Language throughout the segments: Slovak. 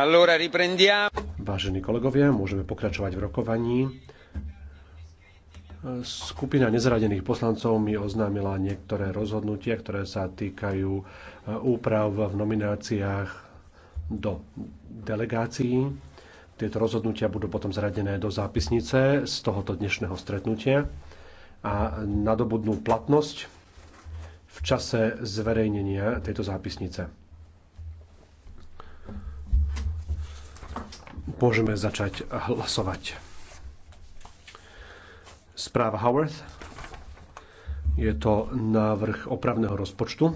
Allora riprendiamo. Vážení kolegovia, môžeme pokračovať v rokovaní. Skupina nezradených poslancov mi oznámila niektoré rozhodnutia, ktoré sa týkajú eh, úprav v nomináciách do delegácií. Tieto rozhodnutia budú potom zradené do zápisnice z tohoto dnešného stretnutia a nadobudnú platnosť v čase zverejnenia tejto zápisnice. Môžeme začať hlasovať. Správa Howard. Je to návrh opravného rozpočtu.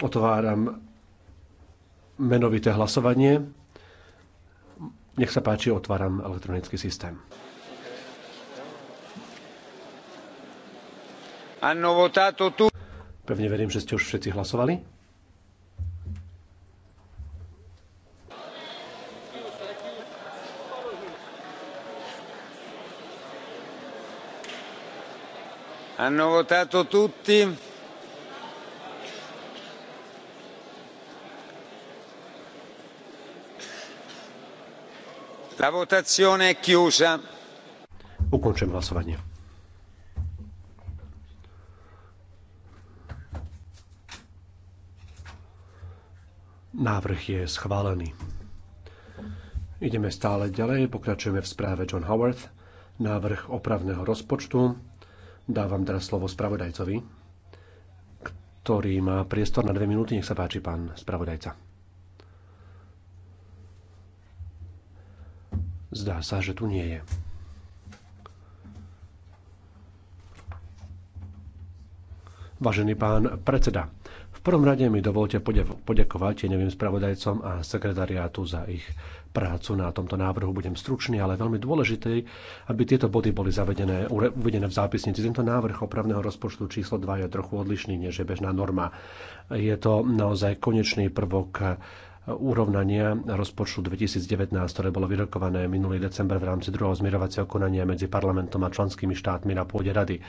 Otváram menovité hlasovanie. Nech sa páči, otváram elektronický systém. Pevne verím, že ste už všetci hlasovali. hanno votato tutti la votazione è chiusa ukončujem hlasovanie návrh je schválený ideme stále ďalej pokračujeme v správe John Howard návrh opravného rozpočtu Dávam teraz slovo spravodajcovi, ktorý má priestor na dve minúty. Nech sa páči, pán spravodajca. Zdá sa, že tu nie je. Vážený pán predseda, prvom rade mi dovolte poďakovať tieňovým spravodajcom a sekretariátu za ich prácu na tomto návrhu. Budem stručný, ale veľmi dôležitý, aby tieto body boli zavedené, uvedené v zápisnici. Tento návrh opravného rozpočtu číslo 2 je trochu odlišný, než je bežná norma. Je to naozaj konečný prvok urovnania rozpočtu 2019, ktoré bolo vyrokované minulý december v rámci druhého zmierovacieho konania medzi parlamentom a členskými štátmi na pôde rady.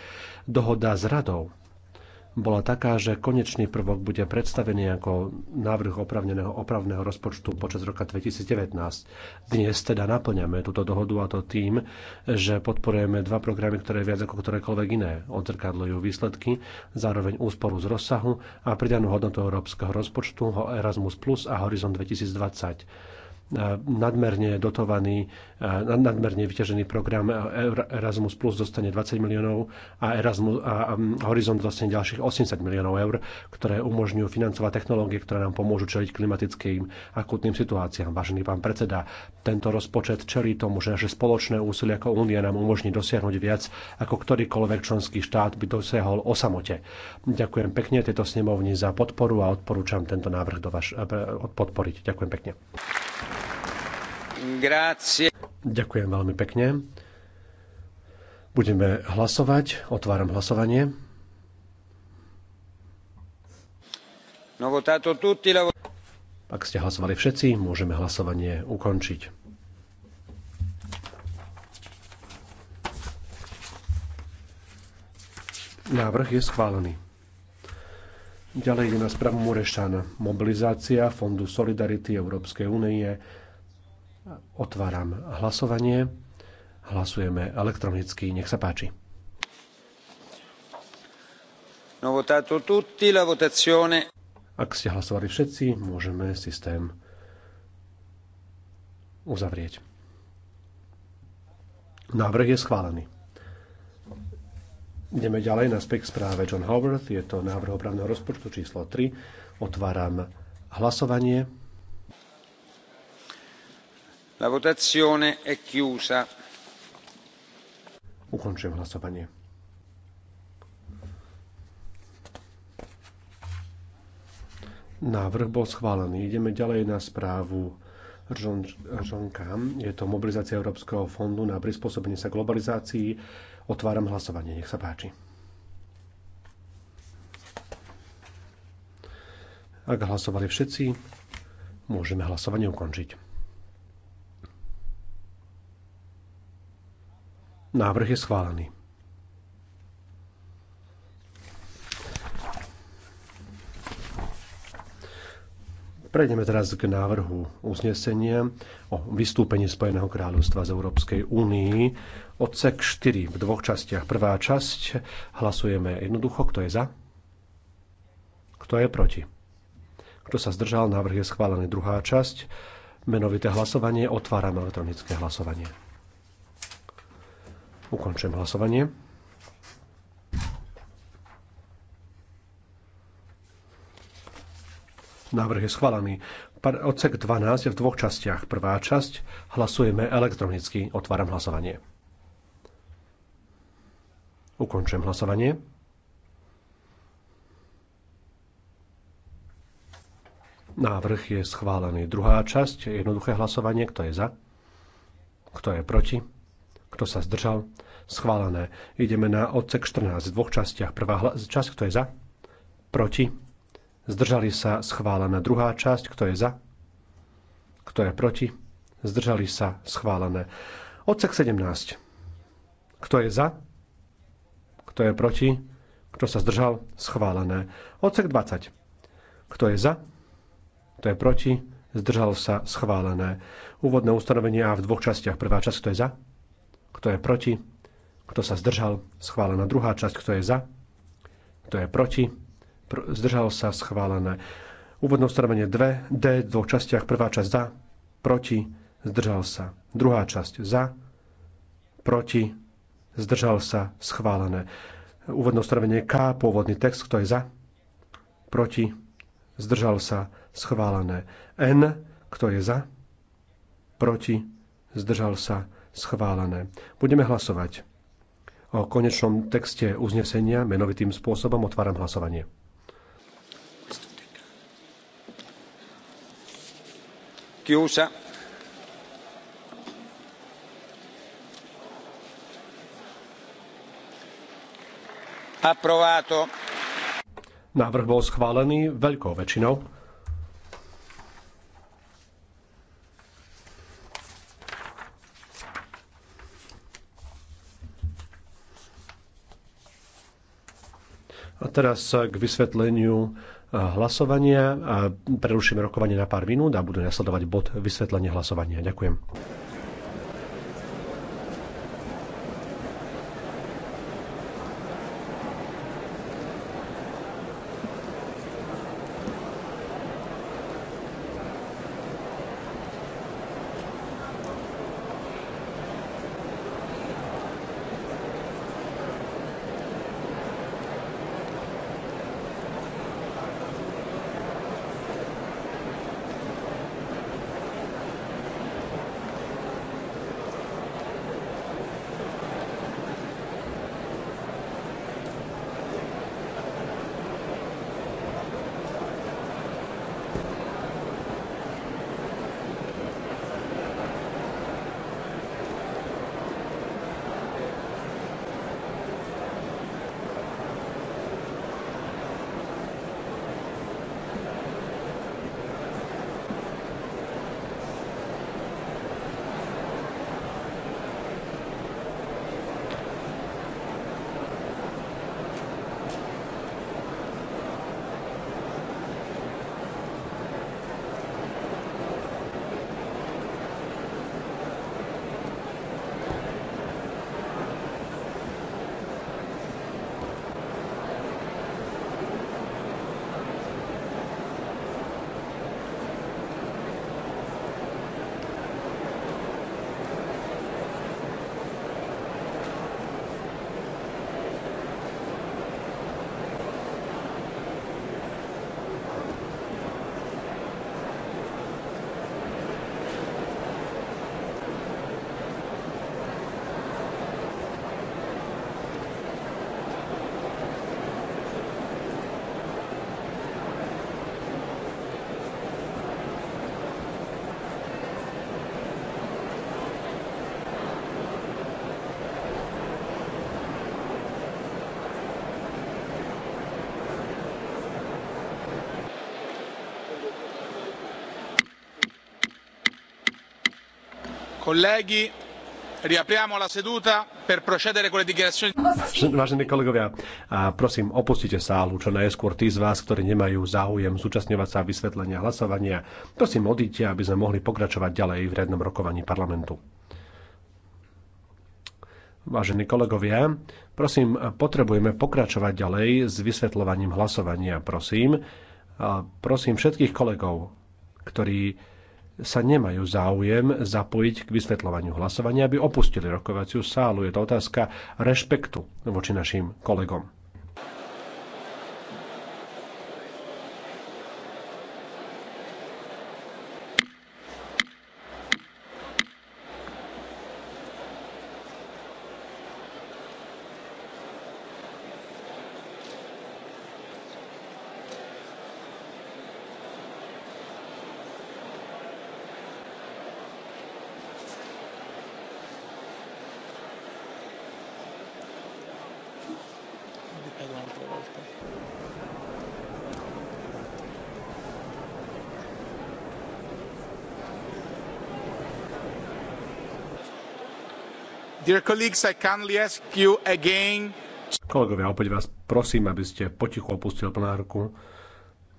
Dohoda s radou bola taká, že konečný prvok bude predstavený ako návrh opravneného opravného rozpočtu počas roka 2019. Dnes teda naplňame túto dohodu a to tým, že podporujeme dva programy, ktoré viac ako ktorékoľvek iné odzrkadľujú výsledky, zároveň úsporu z rozsahu a pridanú hodnotu európskeho rozpočtu Erasmus Plus a Horizon 2020 nadmerne dotovaný, nadmerne vyťažený program Erasmus Plus dostane 20 miliónov a, Erasmus, a Horizont dostane ďalších 80 miliónov eur, ktoré umožňujú financovať technológie, ktoré nám pomôžu čeliť klimatickým akutným situáciám. Vážený pán predseda, tento rozpočet čelí tomu, že naše spoločné úsilie ako únia nám umožní dosiahnuť viac, ako ktorýkoľvek členský štát by dosiahol o samote. Ďakujem pekne tejto snemovni za podporu a odporúčam tento návrh do vaš, podporiť. Ďakujem pekne. Ďakujem veľmi pekne. Budeme hlasovať. Otváram hlasovanie. No, Ak ste hlasovali všetci, môžeme hlasovanie ukončiť. Návrh je schválený. Ďalej ide na správu Murešana. Mobilizácia Fondu Solidarity Európskej únie Otváram hlasovanie. Hlasujeme elektronicky. Nech sa páči. Ak ste hlasovali všetci, môžeme systém uzavrieť. Návrh je schválený. Ideme ďalej na spek správe John Howard. Je to návrh opravného rozpočtu číslo 3. Otváram hlasovanie. La votazione è chiusa. Ukončujem hlasovanie. Návrh bol schválený. Ideme ďalej na správu Žonkám. Je to mobilizácia Európskeho fondu na prispôsobenie sa globalizácii. Otváram hlasovanie. Nech sa páči. Ak hlasovali všetci, môžeme hlasovanie ukončiť. Návrh je schválený. Prejdeme teraz k návrhu uznesenia o vystúpení Spojeného kráľovstva z Európskej únii. Odsek 4 v dvoch častiach. Prvá časť. Hlasujeme jednoducho. Kto je za? Kto je proti? Kto sa zdržal? Návrh je schválený. Druhá časť. Menovité hlasovanie. Otváram elektronické hlasovanie. Ukončujem hlasovanie. Návrh je schválený. Odsek 12 je v dvoch častiach. Prvá časť hlasujeme elektronicky. Otváram hlasovanie. Ukončujem hlasovanie. Návrh je schválený. Druhá časť, jednoduché hlasovanie, kto je za, kto je proti, kto sa zdržal? Schválené. Ideme na odsek 14 v dvoch častiach. Prvá časť, kto je za? Proti? Zdržali sa? Schválená. Druhá časť, kto je za? Kto je proti? Zdržali sa? Schválené. Odsek 17. Kto je za? Kto je proti? Kto sa zdržal? Schválené. Odsek 20. Kto je za? Kto je proti? Zdržal sa? Schválené. Úvodné ustanovenie A v dvoch častiach. Prvá časť, kto je za? Kto je proti? Kto sa zdržal? Schválená druhá časť. Kto je za? Kto je proti? Pr- zdržal sa? Schválené. Úvodné ustanovenie 2. D v dvoch častiach. Prvá časť za. Proti? Zdržal sa. Druhá časť za. Proti? Zdržal sa? Schválené. Úvodné ustanovenie K. Pôvodný text. Kto je za? Proti? Zdržal sa? Schválené. N. Kto je za? Proti? Zdržal sa? schválené. Budeme hlasovať o konečnom texte uznesenia menovitým spôsobom. Otváram hlasovanie. Chiusa. Approvato. Návrh bol schválený veľkou väčšinou. teraz k vysvetleniu hlasovania a prerušíme rokovanie na pár minút a bude nasledovať bod vysvetlenie hlasovania. Ďakujem. Colleghi, riapriamo la seduta per procedere con le dichiarazioni. Vážení kolegovia, prosím, opustite sálu čo najskôr tí z vás, ktorí nemajú záujem zúčastňovať sa vysvetlenia hlasovania. Prosím, odíďte, aby sme mohli pokračovať ďalej v riadnom rokovaní parlamentu. Vážení kolegovia, prosím, potrebujeme pokračovať ďalej s vysvetľovaním hlasovania, prosím. prosím všetkých kolegov, ktorí sa nemajú záujem zapojiť k vysvetľovaniu hlasovania, aby opustili rokovaciu sálu. Je to otázka rešpektu voči našim kolegom. Dear colleagues, I kindly ask you again... Kolegovia, opäť vás prosím, aby ste potichu opustili plenárku,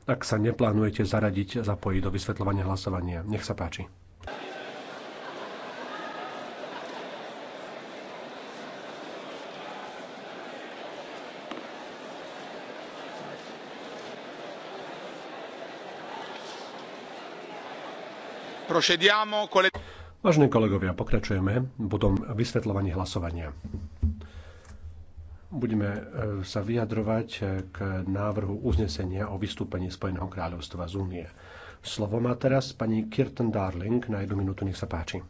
ak sa neplánujete zaradiť, zapojiť do vysvetľovania hlasovania. Nech sa páči. Procediamo con le... Vážení kolegovia, pokračujeme potom vysvetľovaní hlasovania. Budeme e, sa vyjadrovať e, k návrhu uznesenia o vystúpení Spojeného kráľovstva z únie. Slovo má teraz pani Kirsten Darling na jednu minútu, nech sa páči.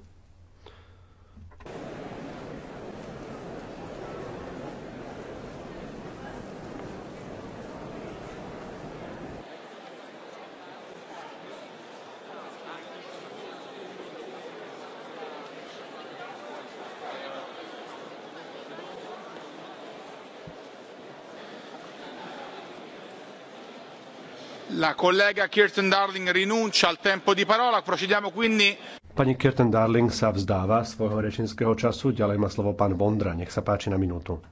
La collega Kirsten Darling rinuncia al tempo di parola, procediamo quindi... Pani Kirsten Darling sa vzdáva svojho rečníckého času, ďalej má slovo pán Vondra, nech sa páči na minútu.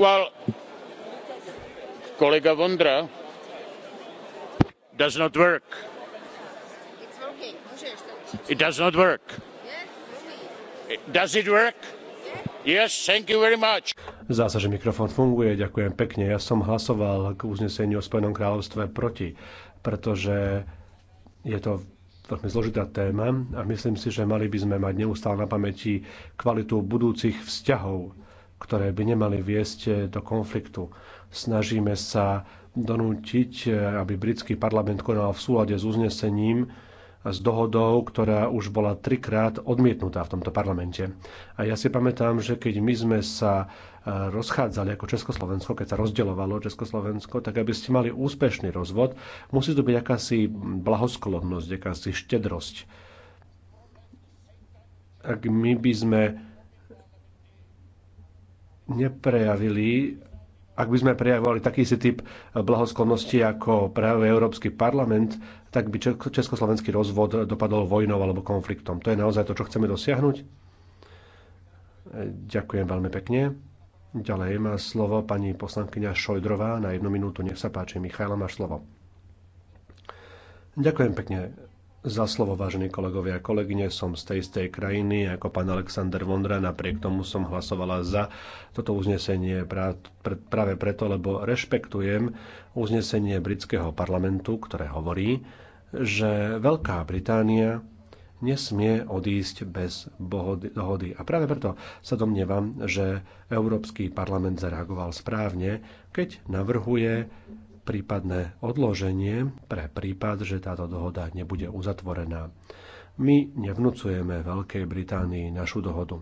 Well, kolega Vondra does not work. It does not work. Does it work? Yes, thank you very much. Zdá sa, že mikrofón funguje. Ďakujem pekne. Ja som hlasoval k uzneseniu o Spojenom kráľovstve proti, pretože je to veľmi zložitá téma a myslím si, že mali by sme mať neustále na pamäti kvalitu budúcich vzťahov, ktoré by nemali viesť do konfliktu. Snažíme sa donútiť, aby britský parlament konal v súlade s uznesením, s dohodou, ktorá už bola trikrát odmietnutá v tomto parlamente. A ja si pamätám, že keď my sme sa e, rozchádzali ako Československo, keď sa rozdelovalo Československo, tak aby ste mali úspešný rozvod, musí to byť akási blahosklonnosť, akási štedrosť. Ak my by sme neprejavili ak by sme prejavovali taký si typ blahosklonnosti, ako práve Európsky parlament, tak by československý rozvod dopadol vojnou alebo konfliktom. To je naozaj to, čo chceme dosiahnuť. Ďakujem veľmi pekne. Ďalej má slovo pani poslankyňa Šojdrová na jednu minútu. Nech sa páči, Michála, máš slovo. Ďakujem pekne za slovo, vážení kolegovia a kolegyne. Som z tej istej krajiny ako pán Alexander Vondra. Napriek tomu som hlasovala za toto uznesenie práve preto, lebo rešpektujem uznesenie britského parlamentu, ktoré hovorí, že Veľká Británia nesmie odísť bez dohody. A práve preto sa domnievam, že Európsky parlament zareagoval správne, keď navrhuje prípadné odloženie pre prípad, že táto dohoda nebude uzatvorená. My nevnúcujeme Veľkej Británii našu dohodu.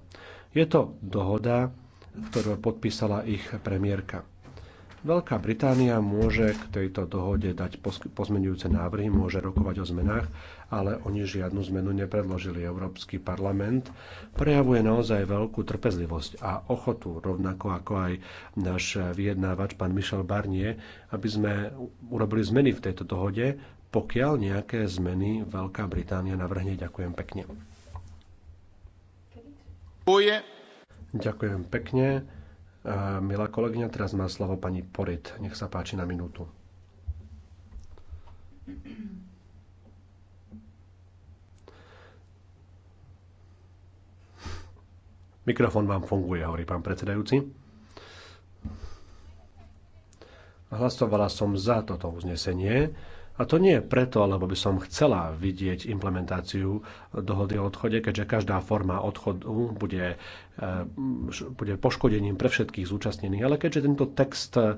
Je to dohoda, ktorú podpísala ich premiérka. Veľká Británia môže k tejto dohode dať pozmenujúce návrhy, môže rokovať o zmenách, ale oni žiadnu zmenu nepredložili. Európsky parlament prejavuje naozaj veľkú trpezlivosť a ochotu, rovnako ako aj náš vyjednávač pán Michel Barnier, aby sme urobili zmeny v tejto dohode, pokiaľ nejaké zmeny Veľká Británia navrhne. Ďakujem pekne. Ďakujem pekne. Milá kolegyňa, teraz má slovo pani Porit. Nech sa páči na minútu. Mikrofón vám funguje, hovorí pán predsedajúci. Hlasovala som za toto uznesenie a to nie preto, lebo by som chcela vidieť implementáciu dohody o odchode, keďže každá forma odchodu bude E, bude poškodením pre všetkých zúčastnených. Ale keďže tento text e,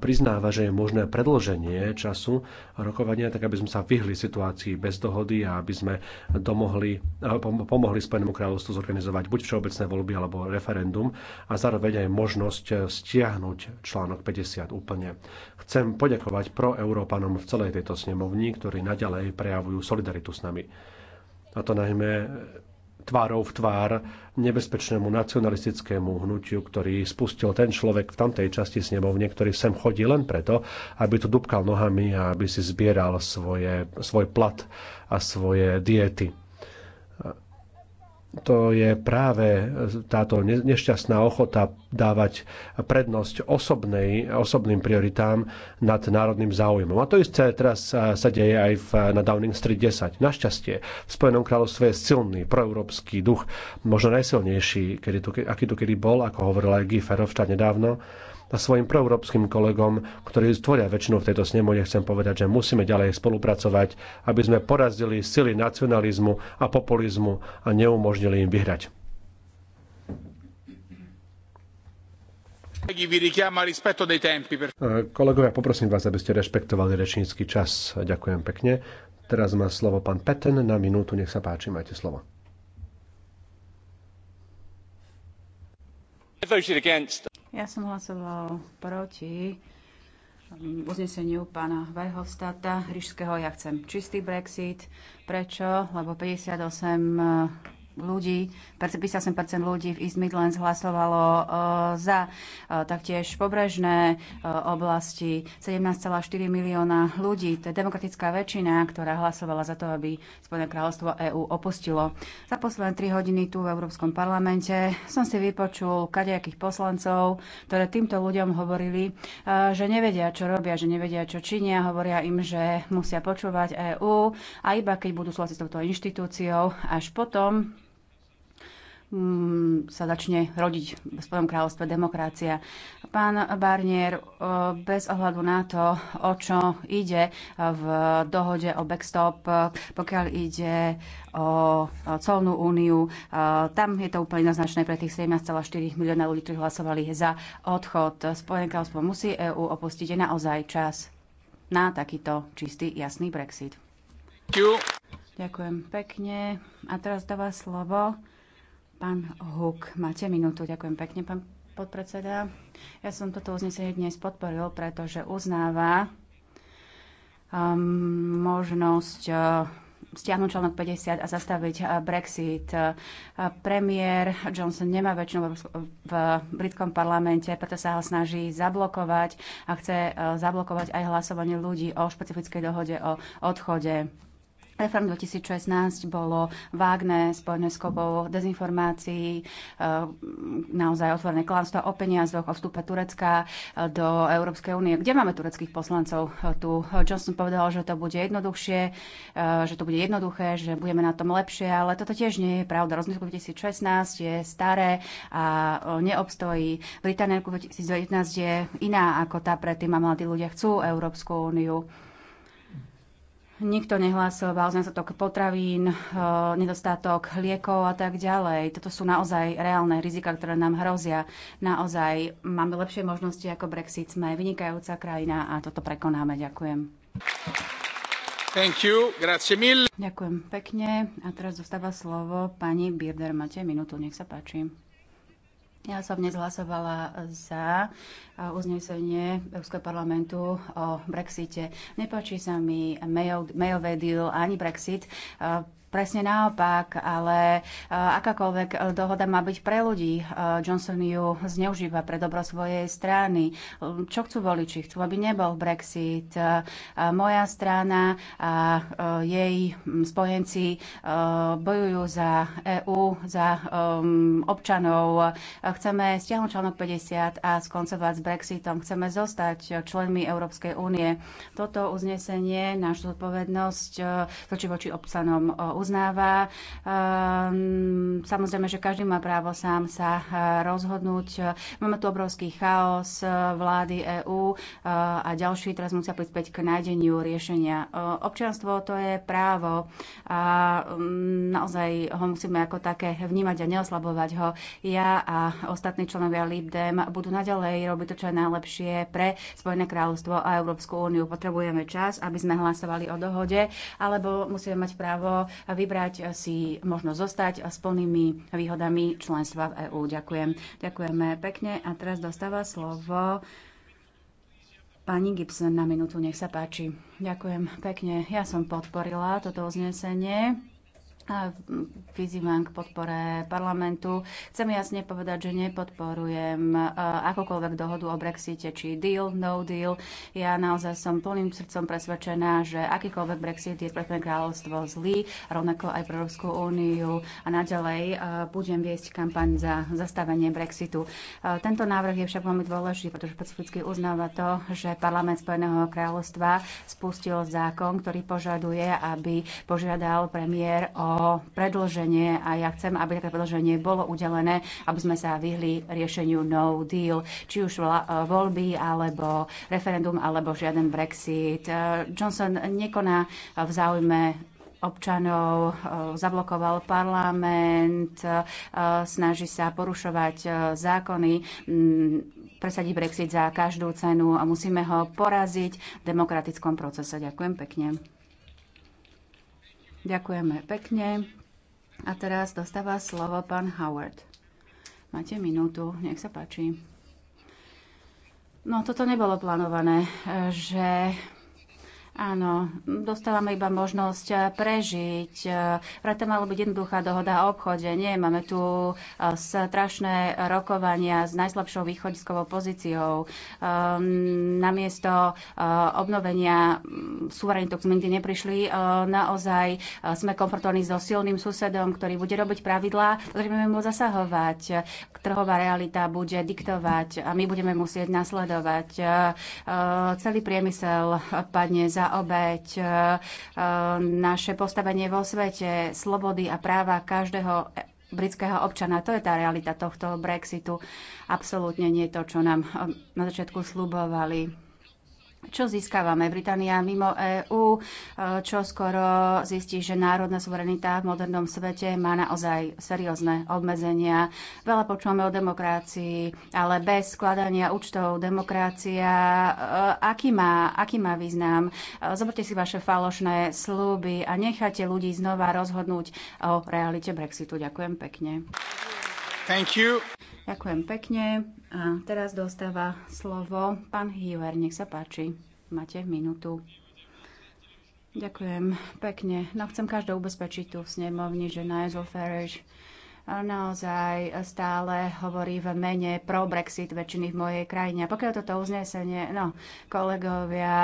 priznáva, že je možné predlženie času rokovania, tak aby sme sa vyhli situácii bez dohody a aby sme domohli, e, pomohli Spojenému kráľovstvu zorganizovať buď všeobecné voľby alebo referendum a zároveň aj možnosť stiahnuť článok 50 úplne. Chcem poďakovať pro Európanom v celej tejto snemovni, ktorí naďalej prejavujú solidaritu s nami. A to najmä tvárov v tvár nebezpečnému nacionalistickému hnutiu, ktorý spustil ten človek v tamtej časti snemovne, ktorý sem chodí len preto, aby tu dubkal nohami a aby si zbieral svoje, svoj plat a svoje diety to je práve táto nešťastná ochota dávať prednosť osobnej, osobným prioritám nad národným záujmom. A to isté teraz sa deje aj v, na Downing Street 10. Našťastie v Spojenom kráľovstve je silný proeurópsky duch, možno najsilnejší, kedy tu, aký tu kedy bol, ako hovoril aj Guy nedávno a svojim proeurópskym kolegom, ktorí tvoria väčšinu v tejto snemone, chcem povedať, že musíme ďalej spolupracovať, aby sme porazili sily nacionalizmu a populizmu a neumožnili im vyhrať. Eh, kolegovia, poprosím vás, aby ste rešpektovali rečnícky čas. Ďakujem pekne. Teraz má slovo pán Peten na minútu. Nech sa páči, majte slovo. Ja som hlasoval proti uzneseniu pána Verhofstadta, Rížského. Ja chcem čistý Brexit. Prečo? Lebo 58 ľudí, 58% ľudí v East Midlands hlasovalo e, za e, taktiež pobrežné e, oblasti, 17,4 milióna ľudí. To je demokratická väčšina, ktorá hlasovala za to, aby Spojené kráľovstvo EÚ opustilo. Za posledné 3 hodiny tu v Európskom parlamente som si vypočul kadejakých poslancov, ktoré týmto ľuďom hovorili, že nevedia, čo robia, že nevedia, čo činia, hovoria im, že musia počúvať EÚ a iba keď budú súhlasiť s touto inštitúciou, až potom Mm, sa začne rodiť v svojom kráľovstve demokracia. Pán Barnier, e, bez ohľadu na to, o čo ide v dohode o backstop, e, pokiaľ ide o colnú úniu, e, tam je to úplne naznačné pre tých 17,4 milióna ľudí, ktorí hlasovali za odchod. Spojené kráľovstvo musí EÚ opustiť. Je naozaj čas na takýto čistý, jasný Brexit. Ďakujem pekne. A teraz dáva slovo Pán Huk, máte minútu. Ďakujem pekne, pán podpredseda. Ja som toto uznesenie dnes podporil, pretože uznáva um, možnosť uh, stiahnuť článok 50 a zastaviť uh, Brexit. Uh, premiér Johnson nemá väčšinu v britskom parlamente, preto sa ho snaží zablokovať a chce uh, zablokovať aj hlasovanie ľudí o špecifickej dohode o odchode. Reform 2016 bolo vágne, spojené s kopou dezinformácií, e, naozaj otvorené klamstvo o peniazoch, o vstupe Turecka e, do Európskej únie. Kde máme tureckých poslancov? E, tu Johnson povedal, že to bude jednoduchšie, že to bude jednoduché, že budeme na tom lepšie, ale toto tiež nie je pravda. Rozhodnutie 2016 je staré a neobstojí. Británia 2019 je iná ako tá predtým a mladí ľudia chcú Európsku úniu. Nikto sa nedostatok potravín, eh, nedostatok liekov a tak ďalej. Toto sú naozaj reálne rizika, ktoré nám hrozia. Naozaj máme lepšie možnosti ako Brexit. Sme vynikajúca krajina a toto prekonáme. Ďakujem. Thank you. Grazie mille. Ďakujem pekne. A teraz dostáva slovo pani Bierder. Máte minútu, nech sa páči. Ja som dnes hlasovala za eh, uznesenie Európskeho parlamentu o Brexite. Nepáči sa mi mail, mailové deal ani Brexit. Eh, presne naopak, ale e, akákoľvek dohoda má byť pre ľudí. E, Johnson ju zneužíva pre dobro svojej strany. E, Čo chcú voliči? Chcú, aby nebol Brexit. Moja strana a jej spojenci bojujú za EÚ, za občanov. Chceme stiahnuť článok 50 a skoncovať s Brexitom. Chceme zostať členmi Európskej únie. Toto uznesenie, náš zodpovednosť, točí voči občanom uznáva. Ehm, samozrejme, že každý má právo sám sa eh, rozhodnúť. Máme tu obrovský chaos eh, vlády EÚ eh, a ďalší teraz musia prispäť k nájdeniu riešenia. Občianstvo to je právo a mm, naozaj ho musíme ako také vnímať a neoslabovať ho. Ja a ostatní členovia LibDem budú naďalej robiť to, čo je najlepšie pre Spojené kráľovstvo a Európsku úniu. Potrebujeme čas, aby sme hlasovali o dohode, alebo musíme mať právo a vybrať si možno zostať s plnými výhodami členstva v EÚ. Ďakujem. Ďakujeme pekne a teraz dostáva slovo Pani Gibson na minútu, nech sa páči. Ďakujem pekne. Ja som podporila toto uznesenie Vyzývam k podpore parlamentu. Chcem jasne povedať, že nepodporujem e, akokoľvek dohodu o Brexite, či deal, no deal. Ja naozaj som plným srdcom presvedčená, že akýkoľvek Brexit je pre kráľovstvo zlý, rovnako aj pre Európsku úniu a naďalej e, budem viesť kampaň za zastavenie Brexitu. E, tento návrh je však veľmi dôležitý, pretože špecificky uznáva to, že parlament Spojeného kráľovstva spustil zákon, ktorý požaduje, aby požiadal premiér o o predlženie a ja chcem, aby také predlženie bolo udelené, aby sme sa vyhli riešeniu no deal, či už e, voľby, alebo referendum, alebo žiaden Brexit. E, Johnson nekoná v záujme občanov, e, zablokoval parlament, snaží sa porušovať zákony, presadí Brexit za každú cenu a musíme ho poraziť v demokratickom procese. Ďakujem pekne. Ďakujeme pekne. A teraz dostáva slovo pán Howard. Máte minútu, nech sa páči. No, toto nebolo plánované, že Áno, dostávame iba možnosť eh, prežiť. Preto eh, malo byť jednoduchá dohoda o obchode. Nie, máme tu eh, strašné rokovania s najslabšou východiskovou pozíciou. Ehm, namiesto obnovenia mm, súverenitu sme nikdy neprišli. Naozaj sme komfortovní so silným susedom, ktorý bude robiť pravidlá, ktoré budeme môcť zasahovať. Trhová realita bude diktovať a my budeme musieť nasledovať. Celý priemysel padne za obeď, e, e, naše postavenie vo svete, slobody a práva každého britského občana. To je tá realita tohto Brexitu. Absolútne nie je to, čo nám e, na začiatku slubovali čo získavame? Británia mimo EÚ, e, čo skoro zistí, že národná suverenita v modernom svete má naozaj seriózne obmedzenia. Veľa počúvame o demokrácii, ale bez skladania účtov demokracia, e, aký má, aký má význam? E, zoberte si vaše falošné slúby a nechajte ľudí znova rozhodnúť o realite Brexitu. Ďakujem pekne. Thank you. Ďakujem pekne. A teraz dostáva slovo pán Hiver. Nech sa páči. Máte minútu. Ďakujem pekne. No chcem každou ubezpečiť tu v snemovni, že Nigel Farage naozaj stále hovorí v mene pro Brexit väčšiny v mojej krajine. A pokiaľ toto uznesenie, no, kolegovia,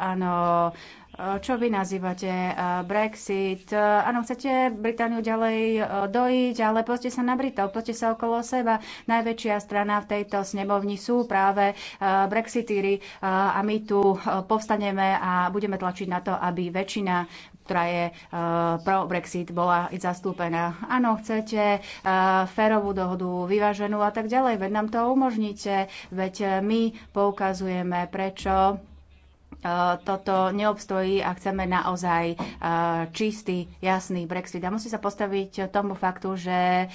áno, čo vy nazývate eh, Brexit. Áno, chcete Britániu ďalej eh, dojiť, ale poďte sa na Britov, Poďte sa okolo seba. Najväčšia strana v tejto snemovni sú práve eh, Brexitíry. a my tu povstaneme a budeme tlačiť na to, aby väčšina ktorá je e, pro Brexit, bola zastúpená. Áno, chcete e, férovú dohodu, vyváženú a tak ďalej, veď nám to umožníte, veď my poukazujeme, prečo E, toto neobstojí a chceme naozaj e, čistý, jasný Brexit. A musí sa postaviť tomu faktu, že e,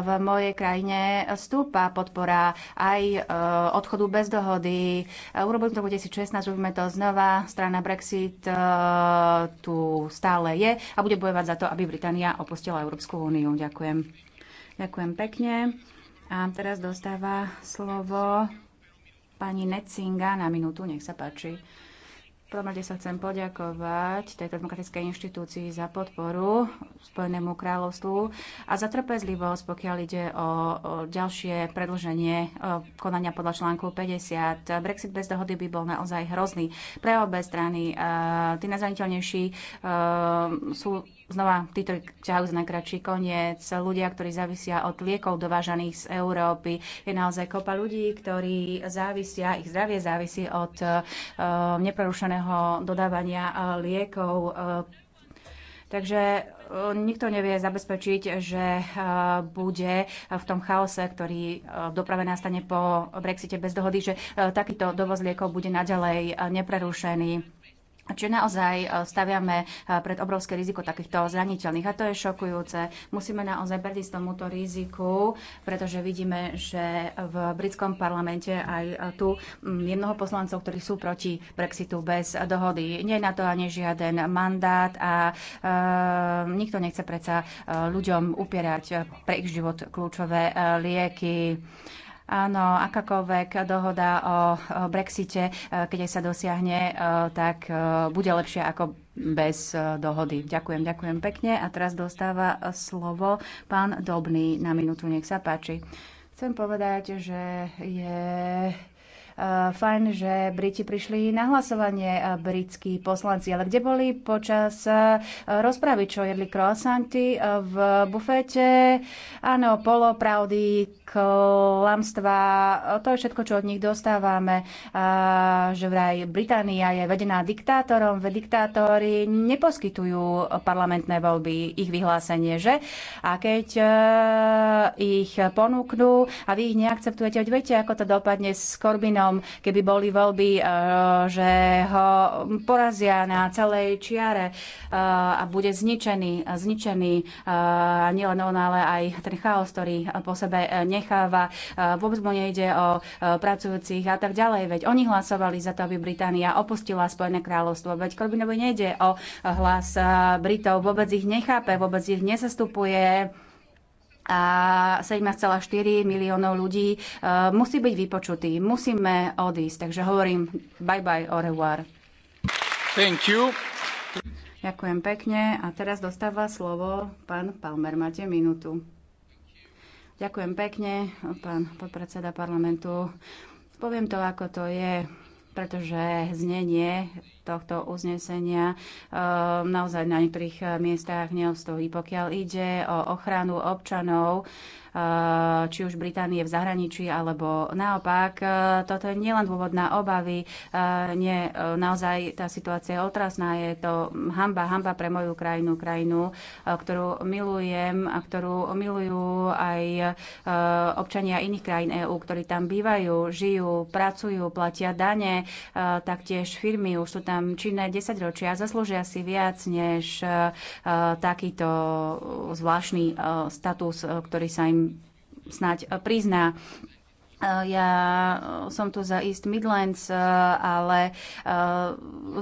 v mojej krajine stúpa podpora aj odchodu bez dohody. Urobím to v 2016, robíme to znova. Strana Brexit tu stále je a bude bojovať za to, aby Británia opustila Európsku úniu. Ďakujem. Ďakujem pekne. A teraz dostáva slovo pani Netzinga na minútu. Nech sa páči prvom rade sa chcem poďakovať tejto demokratickej inštitúcii za podporu Spojenému kráľovstvu a za trpezlivosť, pokiaľ ide o, o ďalšie predlženie o konania podľa článku 50. Brexit bez dohody by bol naozaj hrozný pre obe strany. Tí najzraniteľnejší sú Znova, ktorí ťahajú za najkračší koniec. Ľudia, ktorí závisia od liekov dovážaných z Európy. Je naozaj kopa ľudí, ktorí závisia, ich zdravie závisí od uh, eh, neprerušeného dodávania uh, liekov. Uh, Takže nikto nevie zabezpečiť, že bude v tom chaose, ktorý v doprave nastane po Brexite bez dohody, že takýto dovoz liekov bude naďalej neprerušený. Čiže naozaj e, staviame e, pred obrovské riziko takýchto zraniteľných a to je šokujúce. Musíme naozaj brdiť tomuto riziku, pretože vidíme, že v britskom parlamente aj e, tu je mnoho poslancov, ktorí sú proti Brexitu bez dohody. Nie je na to ani žiaden mandát a e, nikto nechce predsa ľuďom upierať pre ich život kľúčové lieky. E, Áno, akákoľvek dohoda o Brexite, e, keď sa dosiahne, e, tak e, bude lepšia ako bez dohody. Ďakujem, ďakujem pekne. A teraz dostáva slovo pán Dobný na minútu. Nech sa páči. Chcem povedať, že je Eh, fajn, že Briti prišli na hlasovanie, eh, britskí poslanci, ale kde boli počas eh, rozpravy, čo jedli croissanty v bufete? Áno, polopravdy, klamstva, to je všetko, čo od nich dostávame. Že vraj Británia je vedená diktátorom, ve diktátori neposkytujú parlamentné voľby, ich vyhlásenie, že? A keď ich ponúknú a vy ich neakceptujete, viete, ako to dopadne s Korbinou, Orbánom, keby boli voľby, eh, že ho porazia na celej čiare eh, a bude zničený, zničený eh, a nielen on, ale aj ten chaos, ktorý po sebe necháva. Vôbec mu nejde o pracujúcich a tak ďalej. Veď oni hlasovali za to, aby Británia opustila Spojené kráľovstvo. Veď Korbinovi nejde o hlas Britov. Vôbec ich nechápe, vôbec ich nezastupuje a 7,4 miliónov ľudí e, musí byť vypočutý. Musíme odísť. Takže hovorím bye bye, au revoir. Thank you. Ďakujem pekne. A teraz dostáva slovo pán Palmer. Máte minútu. Ďakujem pekne, pán podpredseda parlamentu. Poviem to, ako to je, pretože znenie tohto uznesenia e, naozaj na niektorých e, miestach neobstojí. Pokiaľ ide o ochranu občanov, e, či už Británie v zahraničí, alebo naopak. Toto je nielen dôvod na obavy, nie, naozaj tá situácia je otrasná, je to hamba, hamba pre moju krajinu, krajinu, ktorú milujem a ktorú milujú aj občania iných krajín EÚ, ktorí tam bývajú, žijú, pracujú, platia dane, taktiež firmy už sú tam tam činné 10 ročia, zaslúžia si viac než e, e, takýto zvláštny e, status, ktorý sa im snáď prizná. Eh, ja eh, som tu za East Midlands, eh, ale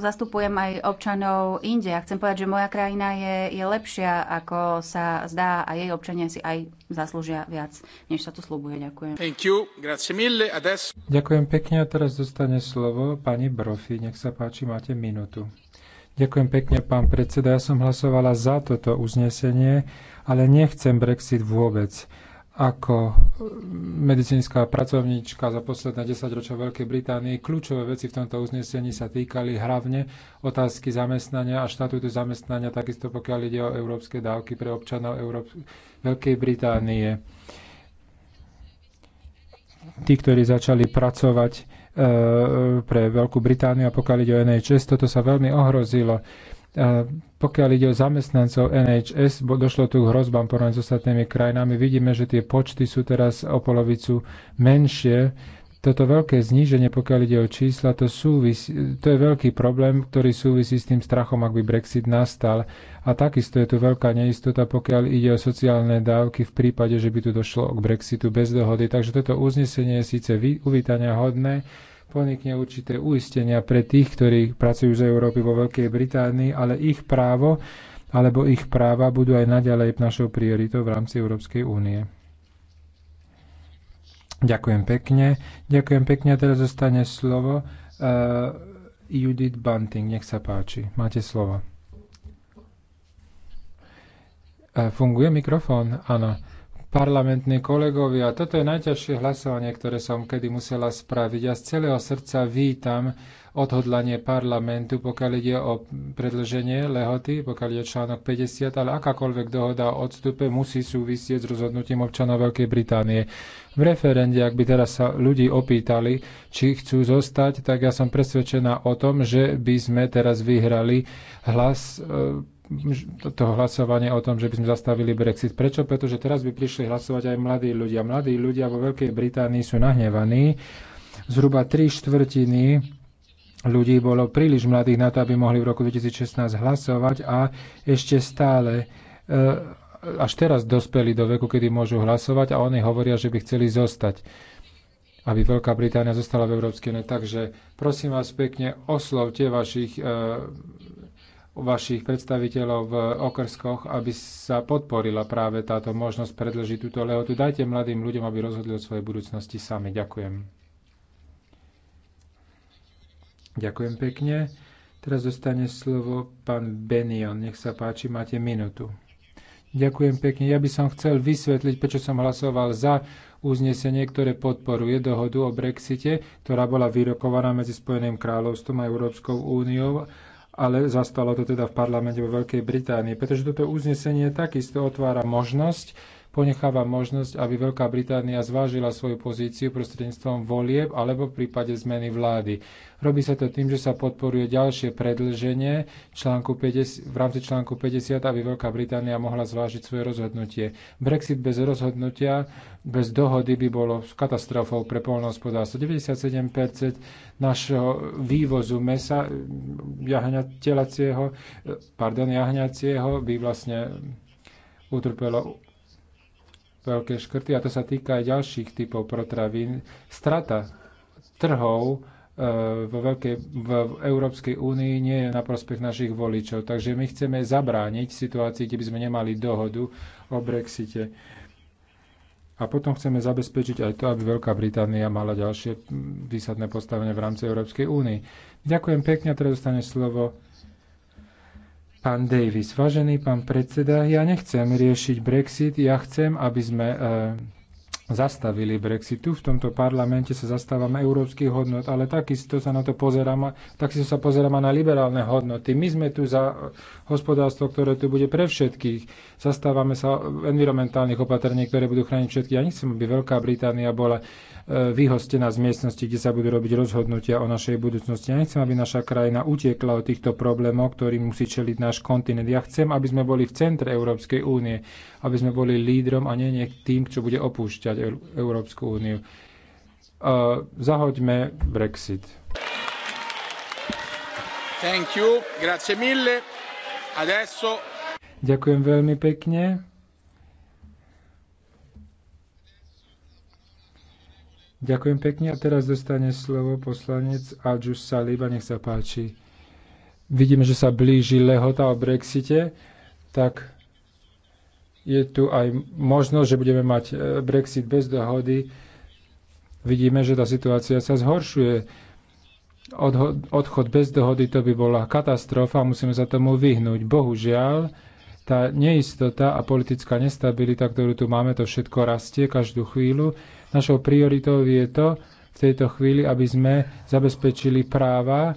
zastupujem aj občanov inde. Ja chcem povedať, že moja krajina je, je lepšia, ako sa zdá a jej občania si aj zaslúžia viac, než sa tu slúbuje. Ďakujem. Thank you. Grazie mille. Adesso... Ďakujem pekne a teraz dostane slovo pani Brofi. Nech sa páči, máte minútu. Ďakujem pekne, pán predseda. Ja som hlasovala za toto uznesenie, ale nechcem Brexit vôbec ako mm, medicínska pracovníčka za posledné 10 ročov Veľkej Británii. Kľúčové veci v tomto uznesení sa týkali hlavne otázky zamestnania a štatútu zamestnania, takisto pokiaľ ide o európske dávky pre občanov Európ- Veľkej Británie. Tí, ktorí začali pracovať e, pre Veľkú Britániu a pokiaľ ide o NHS, toto sa veľmi ohrozilo pokiaľ ide o zamestnancov NHS, došlo tu k hrozbám porovnaní s ostatnými krajinami. Vidíme, že tie počty sú teraz o polovicu menšie. Toto veľké zníženie, pokiaľ ide o čísla, to, súvisí, to je veľký problém, ktorý súvisí s tým strachom, ak by Brexit nastal. A takisto je tu veľká neistota, pokiaľ ide o sociálne dávky v prípade, že by tu došlo k Brexitu bez dohody. Takže toto uznesenie je síce uvítania hodné, ponikne určité uistenia pre tých, ktorí pracujú z Európy vo Veľkej Británii, ale ich právo alebo ich práva budú aj naďalej našou prioritou v rámci Európskej únie. Ďakujem pekne. Ďakujem pekne. A teraz zostane slovo uh, Judith Bunting. Nech sa páči. Máte slovo. Uh, funguje mikrofón? Áno parlamentní kolegovia. Toto je najťažšie hlasovanie, ktoré som kedy musela spraviť. Ja z celého srdca vítam odhodlanie parlamentu, pokiaľ ide o predlženie lehoty, pokiaľ ide článok 50, ale akákoľvek dohoda o odstupe musí súvisieť s rozhodnutím občanov Veľkej Británie. V referende, ak by teraz sa ľudí opýtali, či chcú zostať, tak ja som presvedčená o tom, že by sme teraz vyhrali hlas e, to hlasovanie o tom, že by sme zastavili Brexit. Prečo? Pretože teraz by prišli hlasovať aj mladí ľudia. Mladí ľudia vo Veľkej Británii sú nahnevaní. Zhruba tri štvrtiny ľudí bolo príliš mladých na to, aby mohli v roku 2016 hlasovať a ešte stále eh, až teraz dospeli do veku, kedy môžu hlasovať a oni hovoria, že by chceli zostať aby Veľká Británia zostala v Európskej únii. Takže prosím vás pekne, oslovte vašich e, vašich predstaviteľov v okrskoch, aby sa podporila práve táto možnosť predložiť túto lehotu. Dajte mladým ľuďom, aby rozhodli o svojej budúcnosti sami. Ďakujem. Ďakujem pekne. Teraz dostane slovo pán Benion. Nech sa páči, máte minútu. Ďakujem pekne. Ja by som chcel vysvetliť, prečo som hlasoval za uznesenie, ktoré podporuje dohodu o Brexite, ktorá bola vyrokovaná medzi Spojeným kráľovstvom a Európskou úniou ale zastalo to teda v parlamente vo Veľkej Británii, pretože toto uznesenie takisto otvára možnosť, ponecháva možnosť, aby Veľká Británia zvážila svoju pozíciu prostredníctvom volieb alebo v prípade zmeny vlády. Robí sa to tým, že sa podporuje ďalšie predlženie článku 50, v rámci článku 50, aby Veľká Británia mohla zvážiť svoje rozhodnutie. Brexit bez rozhodnutia, bez dohody by bolo katastrofou pre polnohospodárstvo. 97% našho vývozu mesa eh, jahňa, eh, pardon, jahňacieho by vlastne utrpelo veľké škrty a to sa týka aj ďalších typov potravín. Strata trhov e, vo veľkej, v Európskej únii nie je na prospech našich voličov. Takže my chceme zabrániť situácii, kde by sme nemali dohodu o Brexite. A potom chceme zabezpečiť aj to, aby Veľká Británia mala ďalšie výsadné postavenie v rámci Európskej únie. Ďakujem pekne a teraz dostane slovo Pán Davis, vážený pán predseda, ja nechcem riešiť Brexit, ja chcem, aby sme e, zastavili Brexitu. V tomto parlamente sa zastávame európskych hodnot, ale takisto sa na to pozeráme, takisto sa pozeráme na liberálne hodnoty. My sme tu za hospodárstvo, ktoré tu bude pre všetkých. Zastávame sa environmentálnych opatrení, ktoré budú chrániť všetkých. Ja nechcem, aby Veľká Británia bola vyhoste nás z miestnosti, kde sa budú robiť rozhodnutia o našej budúcnosti. Ja nechcem, aby naša krajina utiekla od týchto problémov, ktorým musí čeliť náš kontinent. Ja chcem, aby sme boli v centre Európskej únie, aby sme boli lídrom a nie tým, čo bude opúšťať Európsku úniu. Zahoďme Brexit. Thank you. Grazie mille. Adesso... Ďakujem veľmi pekne. Ďakujem pekne a teraz dostane slovo poslanec Adjus Saliba, nech sa páči. Vidíme, že sa blíži lehota o Brexite, tak je tu aj možnosť, že budeme mať e, Brexit bez dohody. Vidíme, že tá situácia sa zhoršuje. Odchod bez dohody to by bola katastrofa, musíme sa tomu vyhnúť. Bohužiaľ, tá neistota a politická nestabilita, ktorú tu máme, to všetko rastie každú chvíľu Našou prioritou je to v tejto chvíli, aby sme zabezpečili práva e,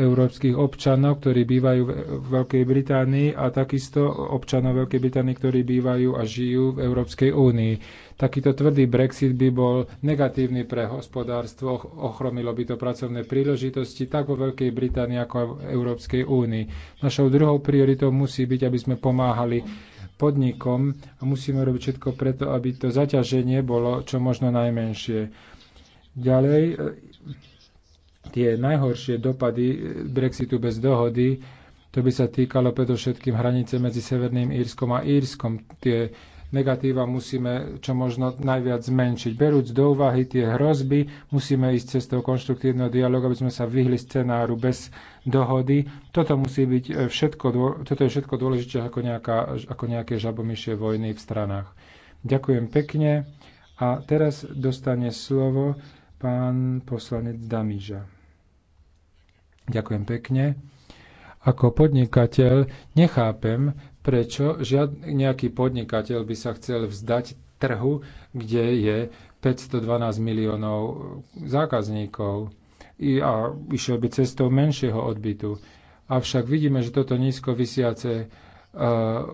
európskych občanov, ktorí bývajú v Veľkej Británii a takisto občanov Veľkej Británii, ktorí bývajú a žijú v Európskej únii. Takýto tvrdý Brexit by bol negatívny pre hospodárstvo, ochromilo by to pracovné príležitosti tak vo Veľkej Británii ako aj v Európskej únii. Našou druhou prioritou musí byť, aby sme pomáhali podnikom a musíme robiť všetko preto, aby to zaťaženie bolo čo možno najmenšie. Ďalej, e, tie najhoršie dopady e, Brexitu bez dohody, to by sa týkalo predovšetkým hranice medzi Severným Írskom a Írskom. Tie negatíva musíme čo možno najviac zmenšiť. Berúc do úvahy tie hrozby, musíme ísť cestou konštruktívneho dialogu, aby sme sa vyhli scenáru bez dohody. Toto musí byť e, všetko, toto je všetko dôležité ako, nejaká, ako nejaké žabomyšie vojny v stranách. Ďakujem pekne a teraz dostane slovo pán poslanec Damíža. Ďakujem pekne. Ako podnikateľ nechápem, Prečo žiad, nejaký podnikateľ by sa chcel vzdať trhu, kde je 512 miliónov zákazníkov a išiel by cestou menšieho odbytu. Avšak vidíme, že toto nízko vysiace uh,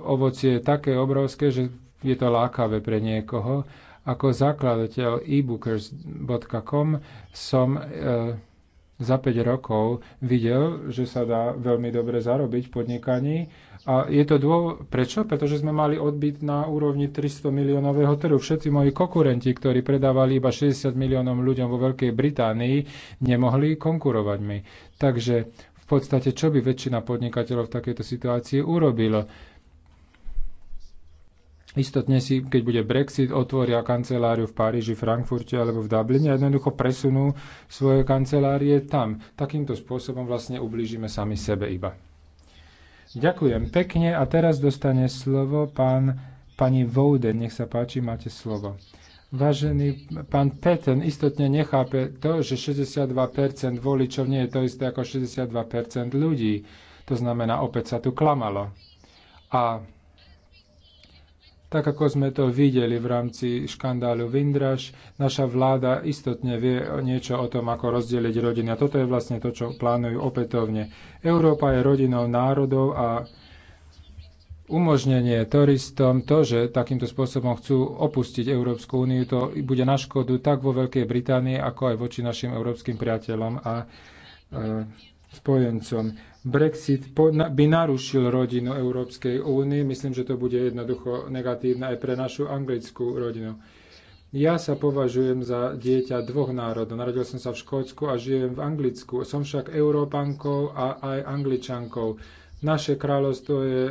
ovocie je také obrovské, že je to lákavé pre niekoho. Ako zakladateľ ebookers.com som uh, za 5 rokov videl, že sa dá veľmi dobre zarobiť v podnikaní a je to dôvod, prečo? Pretože sme mali odbyt na úrovni 300 miliónového trhu. Všetci moji konkurenti, ktorí predávali iba 60 miliónom ľuďom vo Veľkej Británii, nemohli konkurovať mi. Takže v podstate, čo by väčšina podnikateľov v takejto situácii urobilo? Istotne si, keď bude Brexit, otvoria kanceláriu v Paríži, Frankfurte alebo v Dubline a jednoducho presunú svoje kancelárie tam. Takýmto spôsobom vlastne ublížime sami sebe iba. Ďakujem pekne a teraz dostane slovo pán, pani Vouden. Nech sa páči, máte slovo. Vážený pán Peten istotne nechápe to, že 62% voličov nie je to isté ako 62% ľudí. To znamená, opäť sa tu klamalo. A tak ako sme to videli v rámci škandálu Vindraž, naša vláda istotne vie niečo o tom, ako rozdeliť rodiny. A toto je vlastne to, čo plánujú opätovne. Európa je rodinou národov a umožnenie turistom to, že takýmto spôsobom chcú opustiť Európsku úniu, to bude na škodu tak vo Veľkej Británii, ako aj voči našim európskym priateľom. A e, spojencom. Brexit by narušil rodinu Európskej únie. Myslím, že to bude jednoducho negatívne aj pre našu anglickú rodinu. Ja sa považujem za dieťa dvoch národov. Narodil som sa v Škótsku a žijem v Anglicku. Som však Európankou a aj Angličankou. Naše kráľovstvo je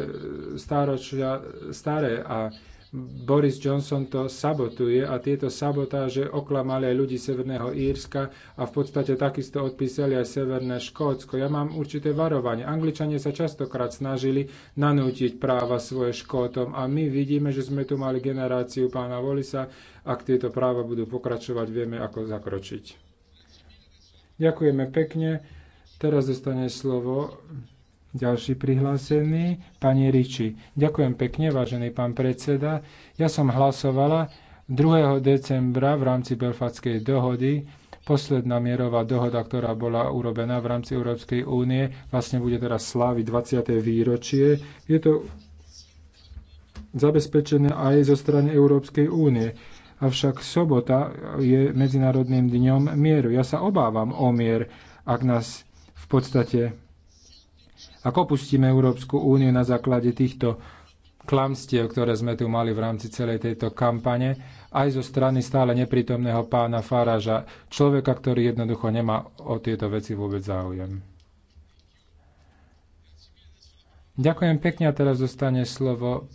staročia, staré a Boris Johnson to sabotuje a tieto sabotáže oklamali aj ľudí Severného Írska a v podstate takisto odpísali aj Severné Škótsko. Ja mám určité varovanie. Angličania sa častokrát snažili nanútiť práva svoje Škótom a my vidíme, že sme tu mali generáciu pána Volisa. Ak tieto práva budú pokračovať, vieme, ako zakročiť. Ďakujeme pekne. Teraz dostane slovo ďalší prihlásený, pani Riči. Ďakujem pekne, vážený pán predseda. Ja som hlasovala 2. decembra v rámci Belfatskej dohody. Posledná mierová dohoda, ktorá bola urobená v rámci Európskej únie, vlastne bude teraz sláviť 20. výročie. Je to zabezpečené aj zo strany Európskej únie. Avšak sobota je Medzinárodným dňom mieru. Ja sa obávam o mier, ak nás v podstate ak opustíme Európsku úniu na základe týchto klamstiev, ktoré sme tu mali v rámci celej tejto kampane, aj zo strany stále neprítomného pána Faraža, človeka, ktorý jednoducho nemá o tieto veci vôbec záujem. Ďakujem pekne a teraz zostane slovo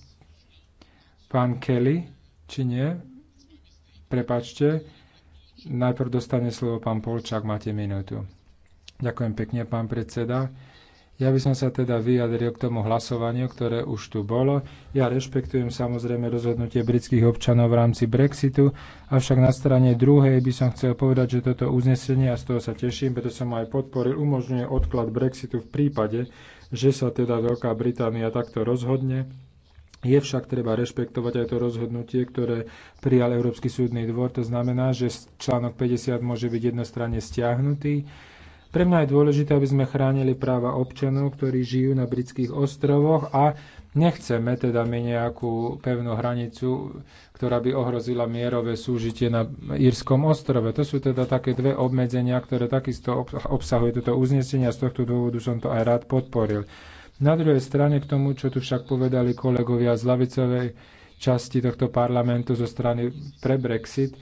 pán Kelly, či nie? Prepačte. Najprv dostane slovo pán Polčák, máte minútu. Ďakujem pekne, pán predseda. Ja by som sa teda vyjadril k tomu hlasovaniu, ktoré už tu bolo. Ja rešpektujem samozrejme rozhodnutie britských občanov v rámci Brexitu, avšak na strane druhej by som chcel povedať, že toto uznesenie, a z toho sa teším, preto som aj podporil, umožňuje odklad Brexitu v prípade, že sa teda Veľká Británia takto rozhodne je však treba rešpektovať aj to rozhodnutie, ktoré prijal Európsky súdny dvor. To znamená, že článok 50 môže byť jednostranne stiahnutý pre mňa je dôležité, aby sme chránili práva občanov, ktorí žijú na britských ostrovoch a nechceme teda my nejakú pevnú hranicu, ktorá by ohrozila mierové súžitie na Írskom ostrove. To sú teda také dve obmedzenia, ktoré takisto obsahuje toto uznesenie a z tohto dôvodu som to aj rád podporil. Na druhej strane k tomu, čo tu však povedali kolegovia z lavicovej časti tohto parlamentu zo strany pre Brexit,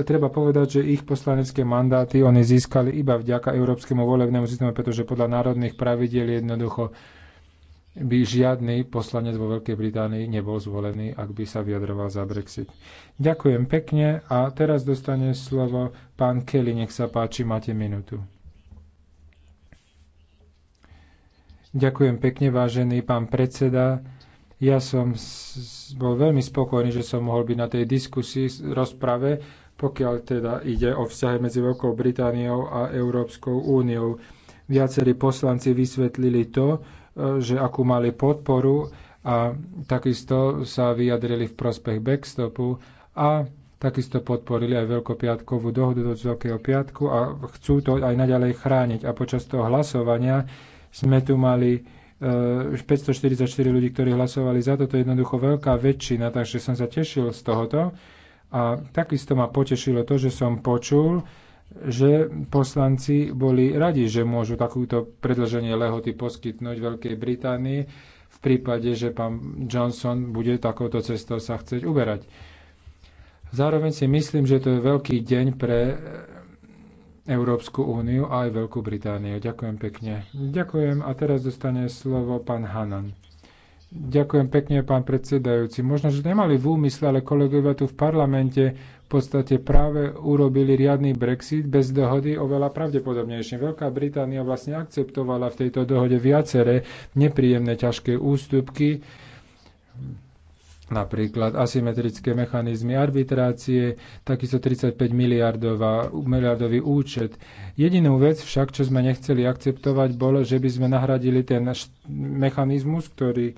treba povedať, že ich poslanecké mandáty oni získali iba vďaka európskemu volebnému systému, pretože podľa národných pravidiel jednoducho by žiadny poslanec vo Veľkej Británii nebol zvolený, ak by sa vyjadroval za Brexit. Ďakujem pekne a teraz dostane slovo pán Kelly. Nech sa páči, máte minútu. Ďakujem pekne, vážený pán predseda. Ja som bol veľmi spokojný, že som mohol byť na tej diskusii, rozprave pokiaľ teda ide o vzťahy medzi Veľkou Britániou a Európskou úniou. Viacerí poslanci vysvetlili to, e, že akú mali podporu a takisto sa vyjadrili v prospech backstopu a takisto podporili aj Veľkopiatkovú dohodu do Veľkého piatku a chcú to aj naďalej chrániť. A počas toho hlasovania sme tu mali 544 e, ľudí, ktorí hlasovali za toto, jednoducho veľká väčšina, takže som sa tešil z tohoto. A takisto ma potešilo to, že som počul, že poslanci boli radi, že môžu takúto predlženie lehoty poskytnúť Veľkej Británii v prípade, že pán Johnson bude takouto cestou sa chcieť uberať. Zároveň si myslím, že to je veľký deň pre Európsku úniu a aj Veľkú Britániu. Ďakujem pekne. Ďakujem a teraz dostane slovo pán Hanan. Ďakujem pekne, pán predsedajúci. Možno, že nemali v úmysle, ale kolegovia tu v parlamente v podstate práve urobili riadny Brexit bez dohody oveľa pravdepodobnejšie. Veľká Británia vlastne akceptovala v tejto dohode viaceré nepríjemné ťažké ústupky, napríklad asymetrické mechanizmy arbitrácie, takisto 35 miliardový účet. Jedinú vec však, čo sme nechceli akceptovať, bolo, že by sme nahradili ten mechanizmus, ktorý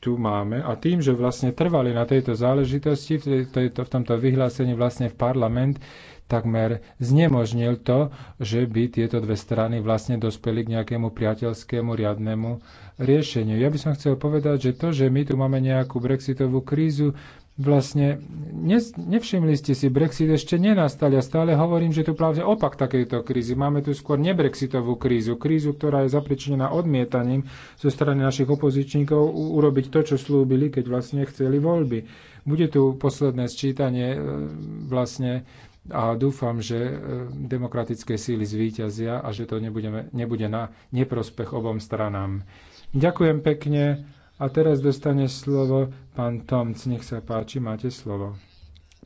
tu máme a tým, že vlastne trvali na tejto záležitosti, v, tejto, v tomto vyhlásení vlastne v parlament takmer znemožnil to, že by tieto dve strany vlastne dospeli k nejakému priateľskému riadnemu riešeniu. Ja by som chcel povedať, že to, že my tu máme nejakú brexitovú krízu, vlastne ne, nevšimli ste si, Brexit ešte nenastal. Ja stále hovorím, že tu práve opak takejto krízy. Máme tu skôr nebrexitovú krízu, krízu, ktorá je zapričnená odmietaním zo strany našich opozičníkov urobiť to, čo slúbili, keď vlastne chceli voľby. Bude tu posledné sčítanie e, vlastne a dúfam, že e, demokratické síly zvíťazia a že to nebudeme, nebude na neprospech obom stranám. Ďakujem pekne. A teraz dostane slovo pán Tomc. Nech sa páči, máte slovo.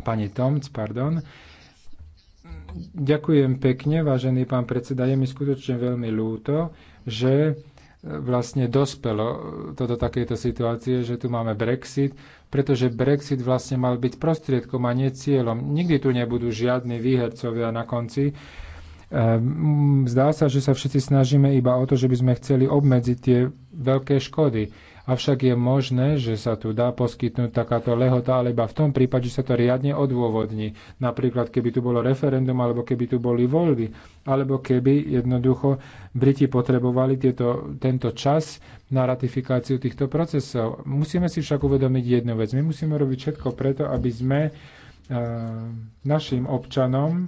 Pani Tomc, pardon. Ďakujem pekne, vážený pán predseda. Je mi skutočne veľmi ľúto, že e, vlastne dospelo to do takejto situácie, že tu máme Brexit, pretože Brexit vlastne mal byť prostriedkom a nie cieľom. Nikdy tu nebudú žiadni výhercovia na konci. E, zdá sa, že sa všetci snažíme iba o to, že by sme chceli obmedziť tie veľké škody. Avšak je možné, že sa tu dá poskytnúť takáto lehota, ale iba v tom prípade, že sa to riadne odôvodní. Napríklad, keby tu bolo referendum, alebo keby tu boli voľby, alebo keby jednoducho Briti potrebovali tieto, tento čas na ratifikáciu týchto procesov. Musíme si však uvedomiť jednu vec. My musíme robiť všetko preto, aby sme e, našim občanom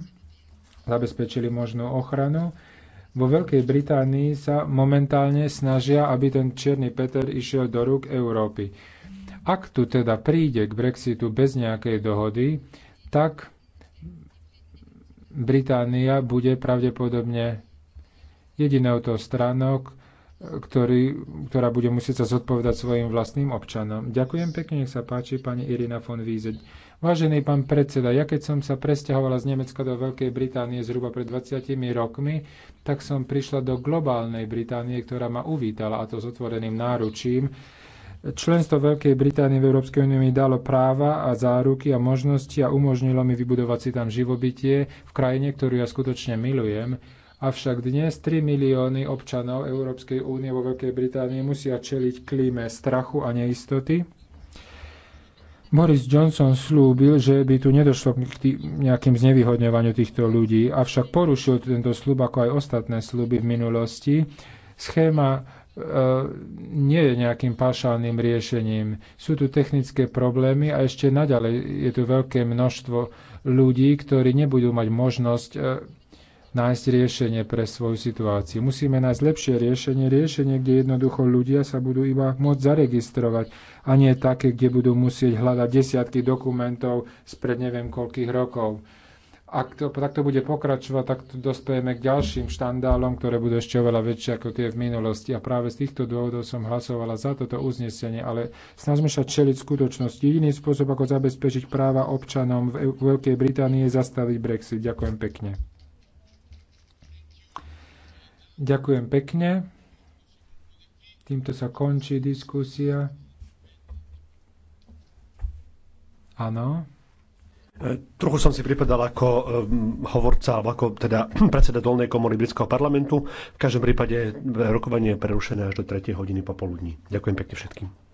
zabezpečili možnú ochranu vo Veľkej Británii sa momentálne snažia, aby ten čierny Peter išiel do rúk Európy. Ak tu teda príde k Brexitu bez nejakej dohody, tak Británia bude pravdepodobne jedinou to stránok, ktorý, ktorá bude musieť sa zodpovedať svojim vlastným občanom. Ďakujem pekne, nech sa páči pani Irina von Wiese. Vážený pán predseda, ja keď som sa presťahovala z Nemecka do Veľkej Británie zhruba pred 20 rokmi, tak som prišla do globálnej Británie, ktorá ma uvítala, a to s otvoreným náručím. Členstvo Veľkej Británie v Európskej únii mi dalo práva a záruky a možnosti a umožnilo mi vybudovať si tam živobytie v krajine, ktorú ja skutočne milujem Avšak dnes 3 milióny občanov Európskej únie vo Veľkej Británii musia čeliť klíme strachu a neistoty. Boris Johnson slúbil, že by tu nedošlo k nejakým znevýhodňovaniu týchto ľudí, avšak porušil tento slúb ako aj ostatné slúby v minulosti. Schéma e, nie je nejakým pašálnym riešením. Sú tu technické problémy a ešte naďalej je tu veľké množstvo ľudí, ktorí nebudú mať možnosť e, nájsť riešenie pre svoju situáciu. Musíme nájsť lepšie riešenie, riešenie, kde jednoducho ľudia sa budú iba môcť zaregistrovať a nie také, kde budú musieť hľadať desiatky dokumentov spred neviem koľkých rokov. Ak to, takto bude pokračovať, tak to dospejeme k ďalším štandálom, ktoré budú ešte oveľa väčšie ako tie v minulosti. A práve z týchto dôvodov som hlasovala za toto uznesenie, ale snažme sa čeliť skutočnosti. Jediný spôsob, ako zabezpečiť práva občanom v e- Veľkej Británii, je zastaviť Brexit. Ďakujem pekne. Ďakujem pekne. Týmto sa končí diskusia. Áno. E, trochu som si pripadal ako e, hovorca, alebo ako teda predseda dolnej komory britského parlamentu. V každom prípade e, rokovanie je prerušené až do 3. hodiny popoludní. Ďakujem pekne všetkým.